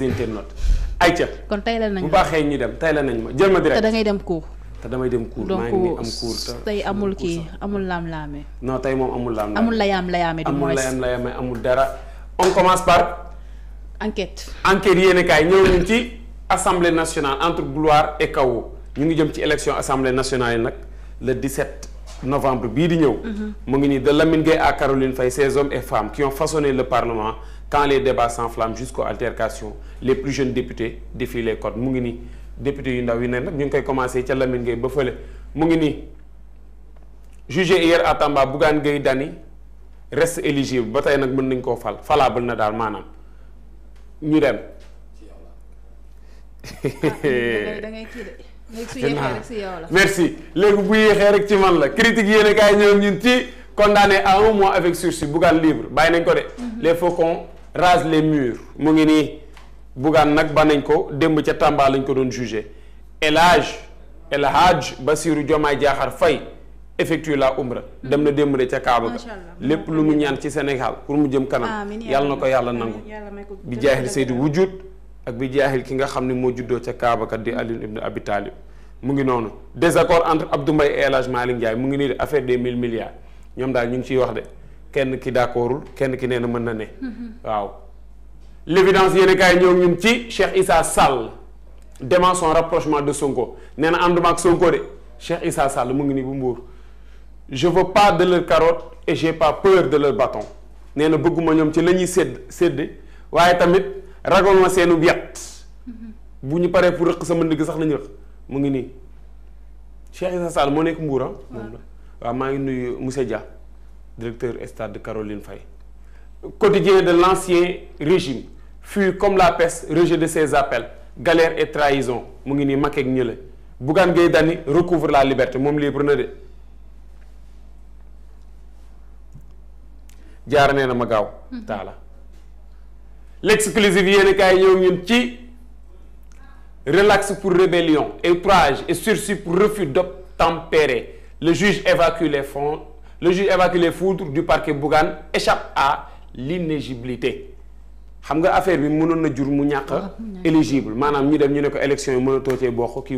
les internautes ayca. kon tey la nañ bu baaxee ñu dem tey la nañ ma jël ma direct. te da dem cours. te damay dem cours maa ngi am cours te tey amul kii amul laam-laame. non tey moom amul laam-laame amul layaam-layaame. du moins amul layaam-layaame amul dara. on commence par. enquête enquête yéen kaay ñëw nañ ci assemblée nationale entre gloire et ñu ngi jëm ci élection assemblée nationale yi nag le 17. novembre bii di ñëw. Mhm. mu ngi nii de Lamine Gueye à Caroline Faye ces hommes et femmes qui ont le parlement quand les débats s'enflamment jusqu'aux altercations les plus jeunes députés défient les mu ngi nii député yu ndaw yi ne nag ñu ngi koy commencé ca Lamine Gueye ba fële mu ngi nii jugé hier à Tamba Bougane Gueye Dany reste éligible ba tey nag mën nañ koo fal falable na daal maanaam ñu dem. merci léegi bu yéexee rek ci man la critique yéen a kaay ñoom ñun ci condamné à un mois avec sursis Bougane libre bàyyi nañ ko de mm-hmm. les faucons rase les murs mu ngi nii Bougane nag ba nañ ko démb ca Tamba lañ ko doon jugé El Hadj ba Hadj Bassirou Diomaye Diakhar Faye effectue la umra dem na démb de ca Kaaba ga lépp lu mu ñaan ci Sénégal pour mu jëm kanam yàlla na ko yàlla nangu bi jaaxil Seydou wujud ak bi jaaxil ki nga xam ni moo juddoo ca Kaaba kat di mm. Ali ibn Abi mu ngi noonu désaccord entre Abdou Mbaye et El Hadj Malick Ndiaye mu ngi nii de affaire des mille milliards ñoom daal ñu ngi ciy wax de kenn ki d'accordul kenn ki nee na mën na ne waaw l'évidence yéen kaay ñoo ñun ci Cheikh Issa Sall demande son rapprochement de Sonko neena na ak Sonko de Cheikh Issa Sall mu ngi nii bu mbuur je veux pas de leur carotte et j'ai pas peur de leur bâton nee na bëgguma ñoom ci lañuy ñuy sédd sédd waaye tamit ragal ma seenu yat bu ñu paree pour rëq sama ndigg sax lañu rëq mu ngi nii Cheikh Issa Sall moo nekk mbuur ah. moom waaw maa ngi nuyu monsieur Dia directeur stade de Caroline Faye quotidien de l'ancien régime fut comme la peste rejet de ses appels galère et trahison mu ngi nii Macky ak ñële Bougane Gueye Dany recouvre la liberté moom libre na de jaar nee na ma gaaw mhm. taala l'exclusive yéen kaay ñëw ñun ci relax pour rébellion outrage et sursis pour refus d'obtempérer le juge évacue les fonds le juge évacue les foudres du parquet Bougane échappe à l'inéligibilité xam nga affaire bi mu mënoon na jur mu ñàkk éligible maanaam ñu dem ñu ne ko élection yi mën a toocee bokk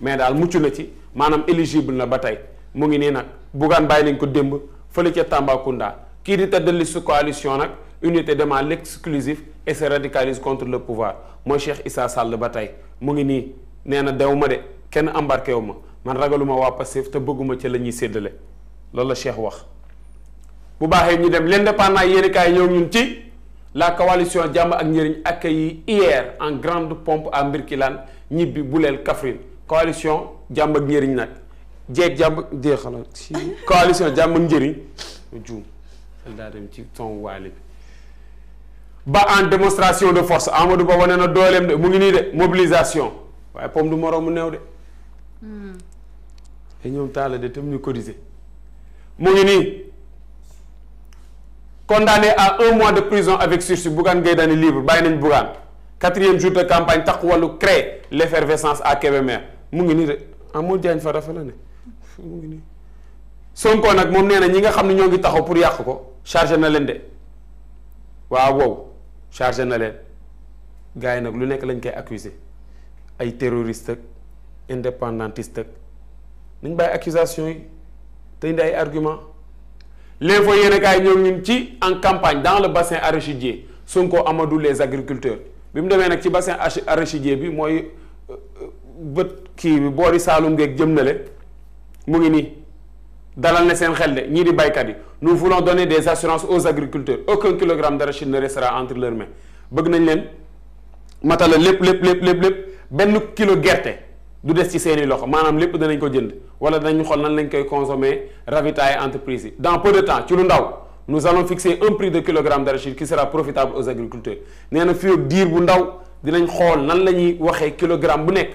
mais daal mucc na ci maanaam éligible na ba tey mu ngi nii nag Bougane bàyyi nañ ko démb fële ca Tambacounda kii di tête de liste coalition nag unité demande l'exclusif et se radicalise contre le pouvoir mooy Cheikh Issa Sall ba tey mu ngi nii nee na dew ma de kenn embarqué wu ma man ragaluma waa Pastef te bëgguma ca la ñuy séddale loolu la Cheikh wax bu baaxee ñu dem l'indépendant yéeni kaay ñëw ñun ci la coalition jàmb ak njëriñ accueilli hier en grande pompe à Mbirkilaan ñibbi Boulel Kaffrine coalition jàmm ak njëriñ nag jeeg jàmm jeexala ci coalition jàmm ak njëriñ juum daa dem ci son waali ba en démonstration de force Amadou Ba wane na dooleem de mu ngi nii de mobilisation waaye pomme du moroom mu néew de. Hmm. te ñoom taala de tam ñu cotiser. mu ngi nii condamné à un mois de prison avec sursis Bougane Gueye Dany libre bàyyi nañ Bougane quatrième jour de campagne tax wallu crée l' effervescence à Kébémer mu ngi nii de amul jaañ fa dafa la ne mu ngi nii Sonko nag moom nee ñi nga xam ne ñoo ngi taxaw pour yàq ko chargé na leen de waaw wow chargé na leen gars yi nag lu nekk lañ koy accuser ay terroriste ak indépendantiste ak nañ bàyyi accusation yi te indi ay argument l'info yéen kaay ñoom ñun ci en campagne dans le bassin arachidier Sonko Amadou les agriculteurs bi mu demee nag ci bassin arachidier bi mooy euh, euh, bët kii bi boori Saalum geeg jëm na le mu ngi nii dalal ne seen xel de ñii di baykat yi nous voulons donner des assurances aux agriculteurs aucun kilogramme d'arachide ne restera entre leurs mains bëgg nañ leen matala lépp lépp lépp lépp lépp benn kilo gerte du des ci seeni loxo maanaam lépp danañ ko jënd wala danañ xool nan lañu koy consommer ravitailler entreprise yi dans peu de temps ci lu ndaw nous allons fixer un prix de kilogramme d'arachide qui sera profitable aux agriculteurs nee na fii ak diir bu ndaw dinañ xool nan la ñuy waxee kilogramme bu nekk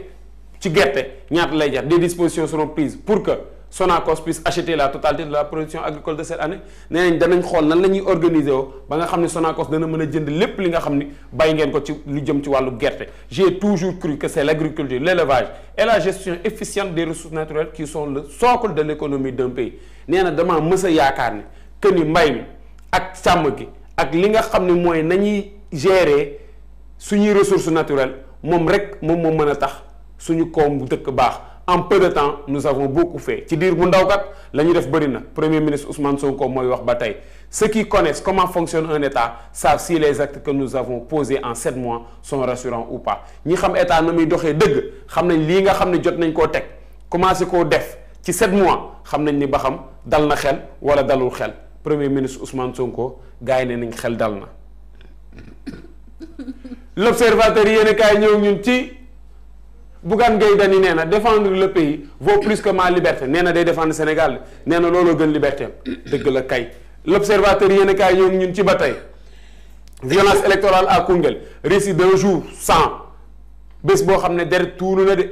ci gerte ñaata lay jar des dispositions seront prises pour que Sonacos puisse acheter la totalité de la production agricole de cette année nee danañ xool na la ñuy organiser woo ba nga xam ne Sonacos dana mën a jënd lépp li nga xam ni bàyyi ngeen ko ci lu jëm ci wàllu gerte j'ai toujours cru que c'est l'agriculture l'élevage et la gestion efficiente des ressources naturelles qui sont le socle de l'économie d'un pays nee na damaa mës a yaakaar ni que ni mbay mi ak sàmm ki ak li nga xam ne mooy nañuy gérer suñuy ressources naturelles moom rek moom moo mën a tax suñu koom bu dëkk baax en peu de temps nous avons beaucoup fait ci diir bu ndaw kat la ñu def bëri na premier ministre Ousmane Sonko mooy wax ba tey ceux qui connaissent comment fonctionne un état savent si les actes que nous avons posés en sept mois sont rassurants ou pas ñi xam état na muy doxee dëgg xam nañ lii nga xam ne jot nañ koo teg commencé koo def ci set mois xam nañ ni ba xam dal na xel wala dalul xel premier ministre Ousmane Sonko gars yi ne nañ xel dal na l'observateur yéen a kaay Bougane Gueye Dany nee na défendre le pays vaut plus que ma liberté nee na day défendre Sénégal nee na looloo gën liberté dëgg la kay l'observateur yéen kaay ñoom ñun ci ba tey violence électorale à Koungheul récit d'un jour sant bés boo xam ne deret tuuru na de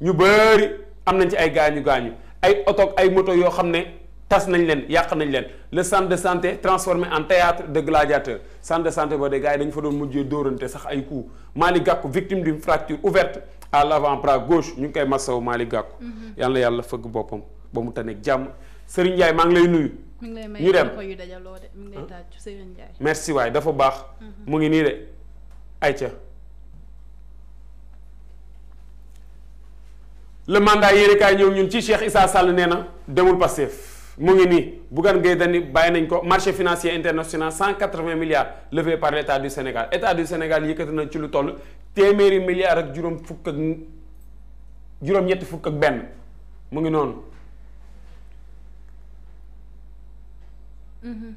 ñu bëri am nañ ci ay gaañu gaañu ay oto ay moto yoo xam ne tas nañ leen yàq nañ leen le centre de santé transformé en théâtre de gladiateur centre de santé boo de gars yi dañ fa doon mujjee doorante sax ay coups Malick Gakou victime d'une fracture ouverte à l'avant-bras gauche ñu ngi koy masawu Malick Gakou mm-hmm. yal na yàlla fëgg boppam ba mu tane jàmm Serigne Ndiaye maa ngi lay nuyu. mi ngi lay may loxo ngi lay tàccu Serigne Ndiaye. merci waay dafa baax. Mm-hmm. mu ngi nii de ayca. le mandat yéen kaay ñëw ñun ci Cheikh Issa Sall nee na demul Pastef mu ngi nii Bougane Gueye Dany bàyyi nañ ko marché financier international cent quatre-vingts milliards levé par l' état du Sénégal état du Sénégal yëkkati nañ ci lu toll téeméeri milliards ak juróom fukk ak juróom-ñetti fukk ak benn mu ngi noonu mhm.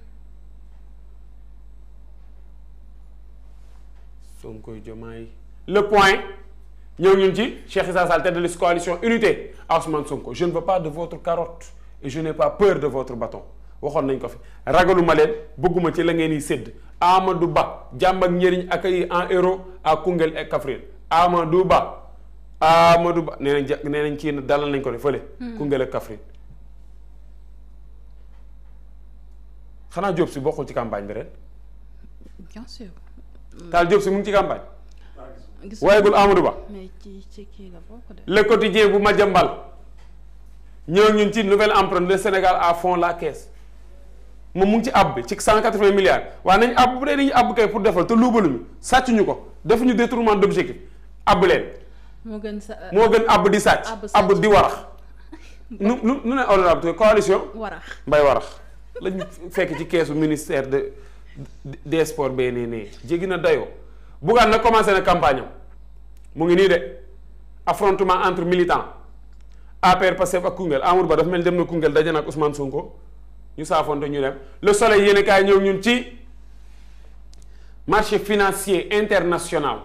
Sonko Diomaye le point ñëw ñun ci Cheikh Issa Sall tête de liste coalition unité Ousmane Sonko je ne veux pas de votre carotte je n'ai pas peur de votre bâton waxoon nañ ko fi ragaluma leen bëgguma ci la ngeen di sedd Amadou Ba jàmm ak njëriñ accueilli en euro à Koungheul et Kaffrine Amadou Ba Amadou ja nee ci dalal nañ ko de fële. Hmm. Koungheul ak Kaffrine xanaa Diop si bokkul ci campagne bi ren. bien sûr. si mu ngi ci campagne. Ah, waayegul Amadou Ba. mais bu Madiambal ñëw ñun ci nouvelle empreinte Sénégal à fond la caisse. moom mu ngi ci àbb bi ci cent quatre-vingts milliards waaye nañ àbb bu dee dañuy àbb kay pour defal te luubaluñu sàccuñu ko defuñu détournement d'objectif àbb leen. moo gën sa euh, moo gën àbb di sàcc. àbb di warax. nu nu nu ne honorable coalition. mbay warax lañ fekk ci keesu ministère de des sports bee nee nee jéggi na dayoo. Bougane nag commencé na campagne mu ngi nii de affrontement entre militants APR Pastef ak Koungheul Amadou Ba dafa mel dem na Koungheul daje na ak Ousmane Sonko. ñu saafonte ñu dem le soleil yéen kaay ñëw ñun ci marché financier international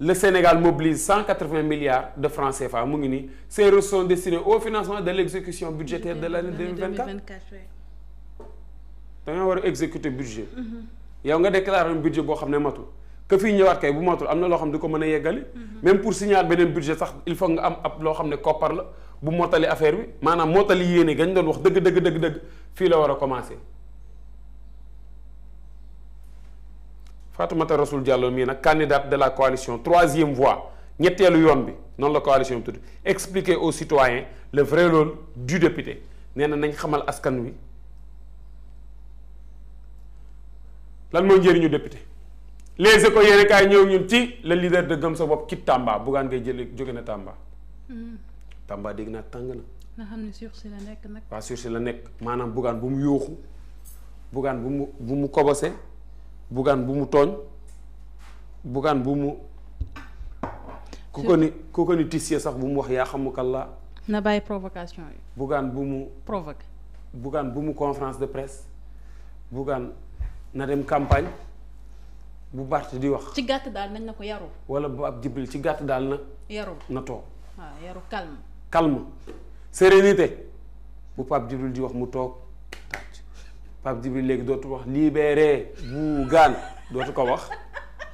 le Sénégal mobilise cent quatre-vingts milliards de francs CFA mu ngi ni se ressources sont destinées au financement de l' exécution budgétaire de l' année deux mille vingt-quatre da nga war a exécuter budget mm-hmm. yow nga déclarer un budget boo xam ne matul que fii ñëwaat kay bu matul am na loo xam di ko mën a yeggale mhm. même pour signer beneen budget sax il faut nga am ab loo xam ne koppar la bu mottali affaire bi maanaam tali yéene gañ doon wax dëgg dëgg dëgg dëgg fii la war a commencé Fatoumata Rassoul Diallo mii nag candidate de la coalition troisième voie ñetteelu yoon bi noonu la coalition bi tudd expliquer aux citoyens le vrai rôle du député nee na nañ xamal askan wi lan mooy njëriñu député les éco yéene kaay ñëw ñun ci le leader de gëm sa bopp kit Tamba Bougane ngay jël jóge na Tamba. Hmm. Tamba dégg naa tàng na. nga xam ne sursis la nekk nag. waaw sursis la nekk maanaam Bougane bu mu yóoxu Bougane bu mu bu mu kobose Bougane bu mu tooñ Bougane bu mu. ku ko sax bu mu wax yaa xamu kàllaa. na bàyyi provocation yi. bu mu. provoqué Bougane bu mu conférence de presse Bougane na dem campagne. bu Barth di wax. ci gàtt daal nañ na ko yaru. wala bu ab jibril ci gàtt daal na. yaru na toog. waaw yaru calme. calme sérénité bu Pape Djibril di wax mu toog tàcc Pape Djibril léegi dootu wax libéré Bougane dootu ko wax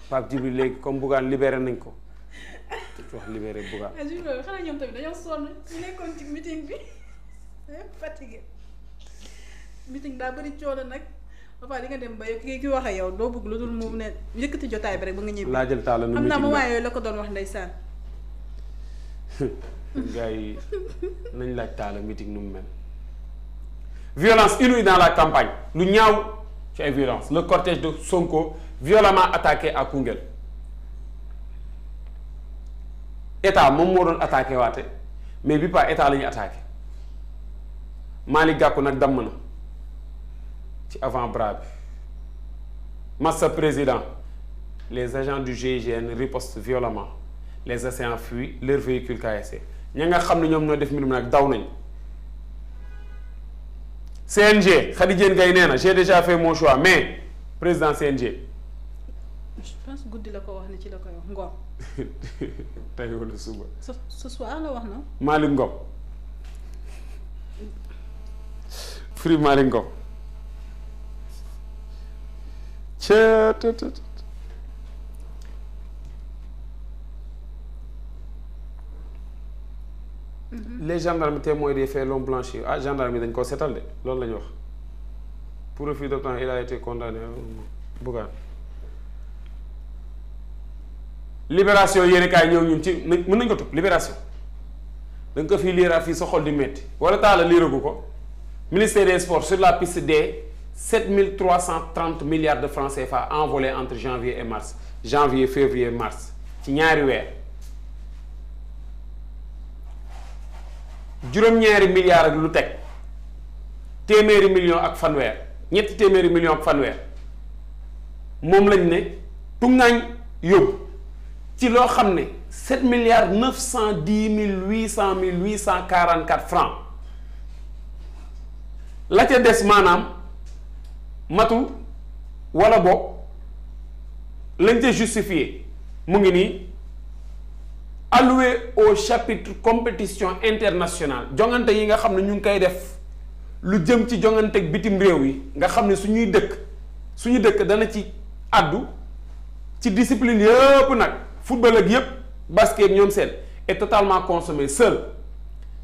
Pape Djibril léegi comme Bougane libéré nañ ko dootu wax libéré Bougane. mais xanaa ñoom tamit dañoo sonn ñu nekkoon ci meeting bi fatigué meeting daa bëri coono nag. papa di nga dem ba ki ki wax ak yow doo bëgg lu dul mu ne yëkkati jotaay bi rek ba nga ñibbi. laa jël taal la xam naa ko doon wax ndeysaan. gars yi nañ laaj taal meeting nu mu mel. violence inouïe dans la campagne lu ñaaw ci ay violence le cortège de Sonko violemment attaqué ak Koungheul état moom moo doon attaqué waate mais bi pas état la ñu attaqué Malick Gakou nag damm na. ci avant bras bi massa président les agents du GIGN ripostent violemment les assaillants fuient leur véhicule KSC ña nga xam ne ñoom ñoo def mbir mi nag daw nañ CNG Khady Diène Gaye nee na j'ai déjà fait mon choix mais président CNG. je pense guddi la ko wax ni ci la koy wax Ngom. tey wala suba. ce ce soir la wax na. Malick Ngom. Free Malick Ngom. ca mm-hmm. les gendarmes témoins des faits l'ont blanchi ah gendarme yi dañ koo seetal de loolu la ñu wax pour refus d'obtempérer il a été condamné Bougane libération yéen kaay ñëw ñun ci mën nañ ko topp libération da nga ko fii liiraat fii sa xol di metti wala taala liiragu ko ministère des sports sur la piste des 7330 milliards de francs CFA envolés entre janvier et mars janvier février mars ci ñaari weer juróom-ñaari milliards ak lu teg téeméeri million ak fanweer ñetti téeméeri million ak fanweer moom lañ ne tuŋaañ yóbbu ci loo xam ne 7 milliards 910 mille cent mille 844 francs la ca des maanaam. matu wala boog lañ ca justifié mu ngi nii alloué au chapitre compétition internationale jongante yi nga xam ne ñu ngi koy def lu jëm ci jongante ak bitim réew yi nga xam ne suñuy dëkk suñu dëkk dana ci àddu ci discipline yëpp nag football ak yëpp basket ñoom seen est totalement consommé seul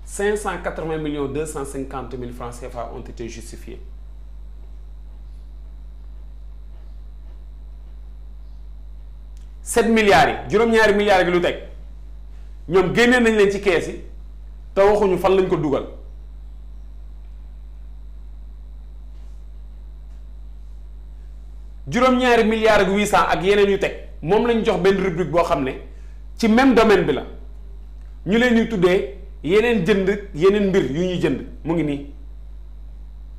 cinq cent quatre-vingts millions deux cent cinquante mille francs CFA ont été justifiés sept milliards yi juróom-ñaari milliards gi lu teg ñoom génnee nañ leen ci kees yi te waxuñu fan lañ ko dugal juróom-ñaari milliards ak huit cent ak yeneen yu teg moom lañ jox benn rubrique boo xam ne ci même domaine bi la ñu leen ñuy tuddee yeneen jënd yeneen mbir yu ñuy jënd mu ngi nii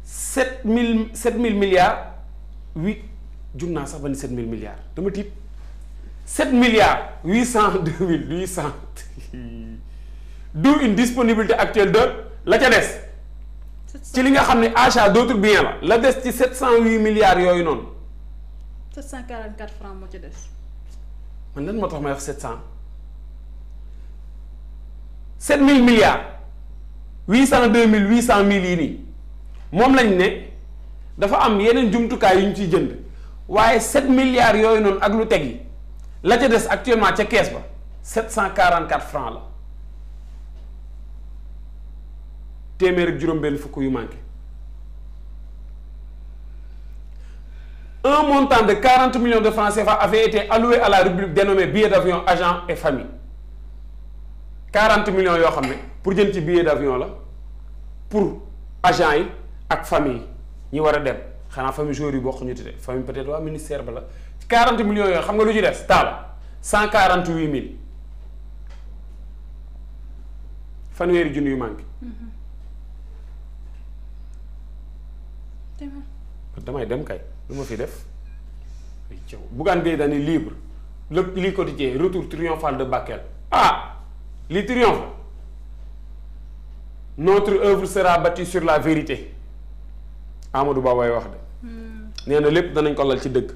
sept mille sept mille milliards huit jum naa sax ba ni sept mille milliards dama tiit sept milliards huit cent deux mille huit cent d'où une disponibilité actuelle de la ca des ci li nga xam ne achat d'autres bien la la des ci sept cent huit milliards yooyu noonu sept cent quarante quatre francs moo ca des man lan moo tax may wax sept cent sept mille milliards huit cent deux mille huit cent mille yi nii moom lañ ne dafa am yeneen jumtukaay yu ñu ciy jënd waaye sept milliards yooyu noonu ak lu teg yi la ca des actuellement ca kees ba cent quarante 744 francs la téeméer juróom-benn fukk yu manqué un montant de 40 millions de francs CFA avait été alloué à la rubrique dénommée billets d'avion agents et famille 40 millions yoo xam ne pour jël ci billet d'avion la pour agents yi ak famille yi ñi war a dem xanaa famille joueurs yi bokk ñu tudde famille peut waa ministère ba la. 40 millions yooyu xam nga lu ci des quarante 148 mille fanweeri junni yu manqué. damay dem kay lu ma fi def. Bougane Gueye Dany libre le li quotidien retour triomphal de Bakel ah li triomphe notre œuvre sera bâtie sur la vérité Amadou Ba way wax de. Hmm. nee na lépp danañ ko lal ci dëgg.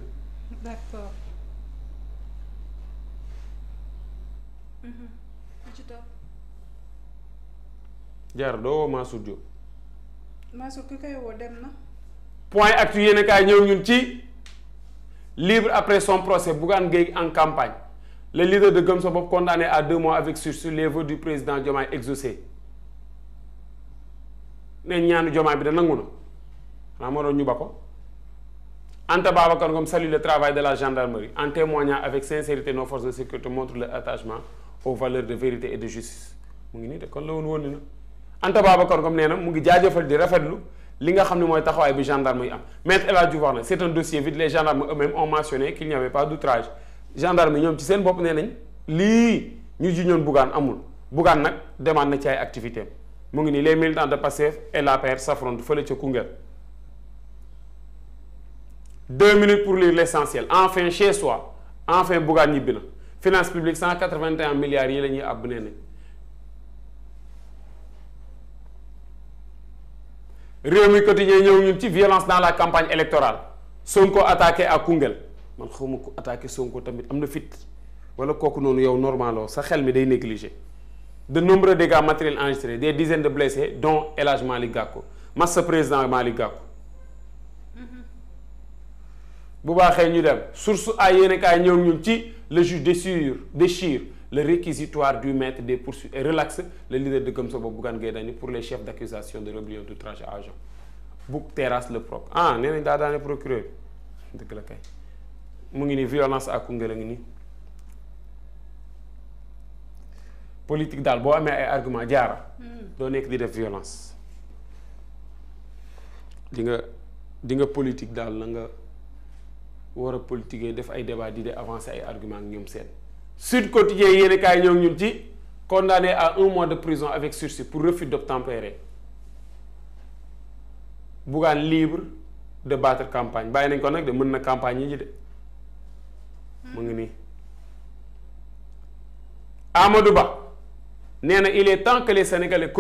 Mm-hmm. li ci topp. jaar doo woo Mansour Diop. Mansour ki koy woo dem na. point actu yéen kaay ñëw ñun ci libre après son procès Bougane Gueye en campagne le leader de Gëm Sa Bopp condamné à deux mois avec sur les vœux du président Diomaye exaucé ne ñaanu Diomaye bi de nangu na xanaa moo doon ñu ba ko. Anta Babacar Ngom salue de la gendarmerie en témoignant avec sincérité nos forces de sécurité montrent leur attachement. au valeur de vérité et de justice mu ngi nii de kon la woon woon na Anta Babacar comme nee na mu ngi jaajëfal di rafetlu li nga xam ne mooy taxawaay bi gendarme yi am maître El Hadj Diouf wax na c'est un dossier vide les gendarmes eux-mêmes ont mentionné qu'il n'y avait pas d'outrage gendarme yi ñoom ci seen bopp nee lii ñu ji ñoon amul Bougane nag demande na ci ay activités mu ngi nii les militants de Pastef et l'APR s'affrontent fële ca Koungheul deux minutes pour lire l'essentiel enfin chez soi enfin Bougane ñibbi na finance publique cent quatre-vingt-un milliards yi la ñuy àbb nee nañ réew mi quotidien ñëw ñun ci violence dans la campagne électorale Sonko attaqué à Koungheul man xawma ko attaqué Sonko tamit am na fit wala kooku noonu yow normaloo sa xel mi day négligé de nombreux dégâts matériels enregistrés des dizaines de blessés dont El Hadj Malick Gakou massa président Malick Gakou mm-hmm. bu baaxee ñu dem source ay yéen ñëw ñun ci le juge déchire déchire le réquisitoire du maître des poursuites et la le leader de Gëm Sa Bopp Bougane Gueye Dany pour les chefs d'accusation de rébellion d'outrage à agent terrasse le proc ah nee nañ daa daane procureur dëgg la mu ngi ni violence à Koungheul a ngi nii politique daal boo amee ay argument jaara hmm. doo nekk di def violence dinga nga di nga politique daal la war a politiquer def ay débat di de avancer ay argument ak ñoom seen Sud Quotidien yéen kaay ñoo ñun ci condamné à un mois de prison avec sursis pour refus d'obtempérer Bougane libre de battre campagne bàyyi nañ ko nag de mën na campagne yi ji de mu ngi nii Amadou Ba nee na il est temps que les Sénégalais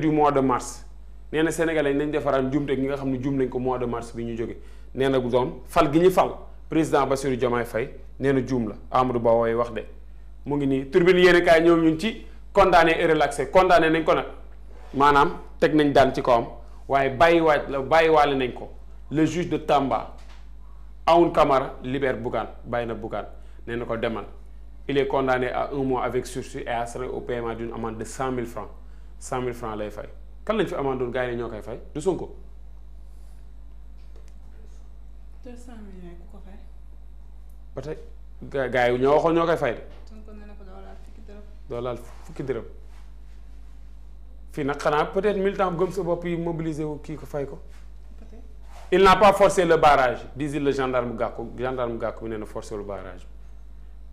du mois de mars nee na Sénégalais nañ defaraat jumte gi nga xam ne jum nañ ko mois de mars bi ñu jóge nee na doon fal gi ñu fal président ba Bassirou Diomaye Faye nee na juum la Amadou Ba wooy wax de mu ngi nii turbine yéen kaay ñoom ñun ci condamné et relaxé condamné nañ ko nag maanaam teg nañ daan ci kawam waaye bàyyiwaat la bàyyi waale nañ ko le juge de Tamba Aoun Camara libère Bougane bàyyi na Bougane nee na ko demal il est condamné à un mois avec sursis et assuré au paiement d'une amende de cent mille francs cent mille francs lay fay kan lañ fi amandoon gars ñoo koy fay du Sonko deux cent millions ku ko fay. ba tey gaa gaa yi ñoo waxoon ñoo koy fay de. doo laal fukki dërëm. fii nag xanaa peut-être militant bu gëm sa bopp yi mobiliser wu kii ko fay ko. il n'a pas forcé le barrage disait le gendarme Gakou gendarme Gakou nee na forcé le barage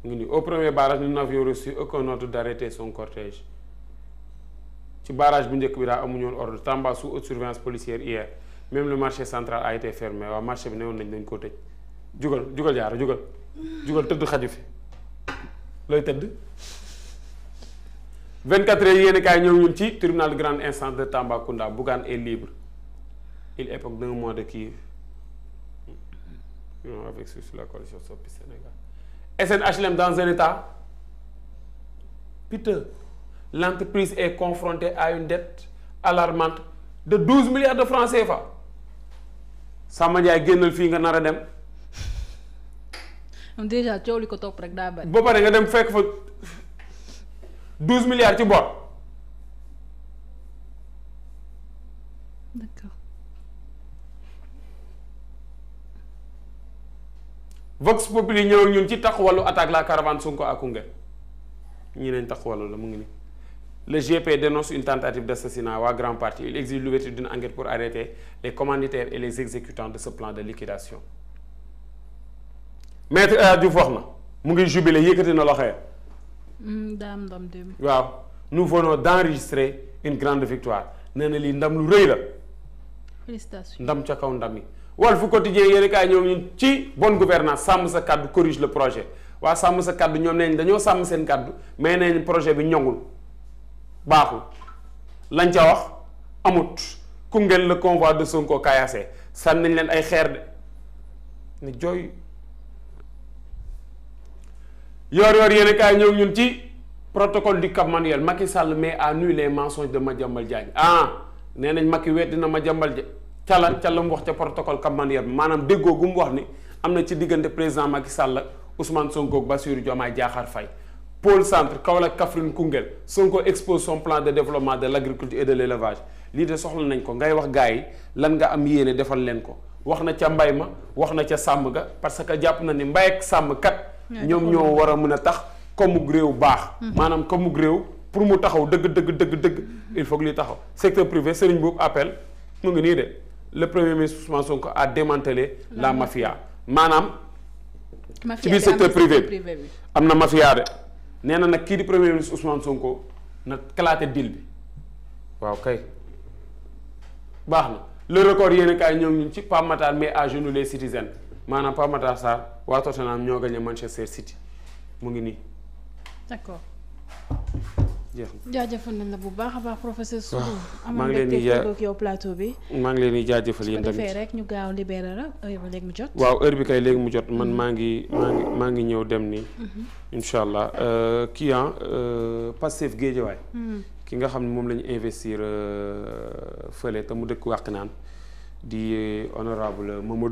mu ngi nii au premier barrage nous n'avions reçu aucun ordre d'arrêter son ci barrage bu njëkk bi daa amuñu woon ordre Tamba sous surveillance policière hier. même le marché central a été fermé waaw marché bi newoon nañ dañ koo tëj jugal jugal jaara jugal jugal tëdd xaju fi looy tëdd 24 heures yéen kaay ñëw ñun ci tribunal de grande instance de Tambacounda Bougane est libre il époque d'un mois de kii non avec souci la coalition Soppi Sénégal SNHLM dans un état piteux l'entreprise est confrontée à une dette alarmante de 12 milliards de francs CFA sàmm Ndiaye génnal fii nga nar a dem. déjà li ko topp rek daa bari. pare nga dem fekk fa douze milliards ci bor. d'accord. Vox Populi ñëw ñun ci taxawalu attaque la caravane Sonko à Koungheul ñi leen taxawalu la mu ngi nii. Le GP dénonce une tentative d'assassinat waa Grand Parti. Il exige l'ouverture d'une enquête pour arrêter les commanditaires et les exécutants de ce plan de liquidation. Maître El Hadj na mu ngi jubilé yëkkati na loxo mm, daam waaw nous venons d'enregistrer une grande victoire nee na lii ndam lu rëy la. félicitations ndam ca kaw ndam yi. Walf fu yéen kaay ñoom ñun ci bonne gouvernance sàmm sa kàddu corrige le projet waa sàmm sa kàddu ñoom nee dañoo sàmm seen kàddu mais projet bi ñoŋul. baaxul lañ ca wax amut Koungheul le convoi de Sonko caillassé sànni nañ leen ay xeer de ne jooy yoor yoor yéen kaay ñëw ñun ci protocole du Cap Manuel Macky Sall met à nu les mensonges de Madiambal Diagne ah nee nañ Macky weddi na ma Diagne ca lan ca la mu wax ca protocole Cap Manuel bi maanaam déggoo gu mu wax ni am na ci diggante président Macky Sall Ousmane Sonko ak Bassirou Diomaye Diakhar fay pôle centre Kaolack Kaffrine Koungheul Sonko expose son plan de développement de l' agriculture et de l' lii de soxla nañ ko ngay wax gars yi lan nga am yéene defal leen ko wax na ca mbay ma wax na ca sàmm ga parce que jàpp na ni mbay ak sàmm kat. ñoom ñoo war a mën a tax komug réew baax. Mhm. maanaam komug réew pour mu taxaw dëgg dëgg dëgg il faut que li taxaw secteur privé Serigne Boub appel mu ngi nii de le premier ministre Ousmane Sonko a démantelé la mafia maanaam. ci biir secteur privé bi am na mafia nee na nag kii di premier ministre Ousmane Sonko na kalaate deal bi waaw kay baax na le record yéen kaay ñoom ñu ci Pape Matar mais à genoux les citizens maanaam Pape Matar Sarr waa Tottenham ñoo gagné Manchester City mu ngi nii. d'accord. jeex na. la bu baax a baax professeur Sourou. Ah, maa ngi leen di ja amoon yow plateau bi. maa ngi leen di jaajëfal yéen tamit su ko defee rek ñu gaaw libéré la heure bi léegi mu jot. waaw heure bi kay léegi mu jot man mhm. maa ngi maa ngi maa ngi ñëw dem nii. Mhm. incha allah euh, kii ah euh, Pastef mhm. ki nga xam ne moom la ñu investir euh, fële te mu dëkk wàq naan di honorable Mamadou.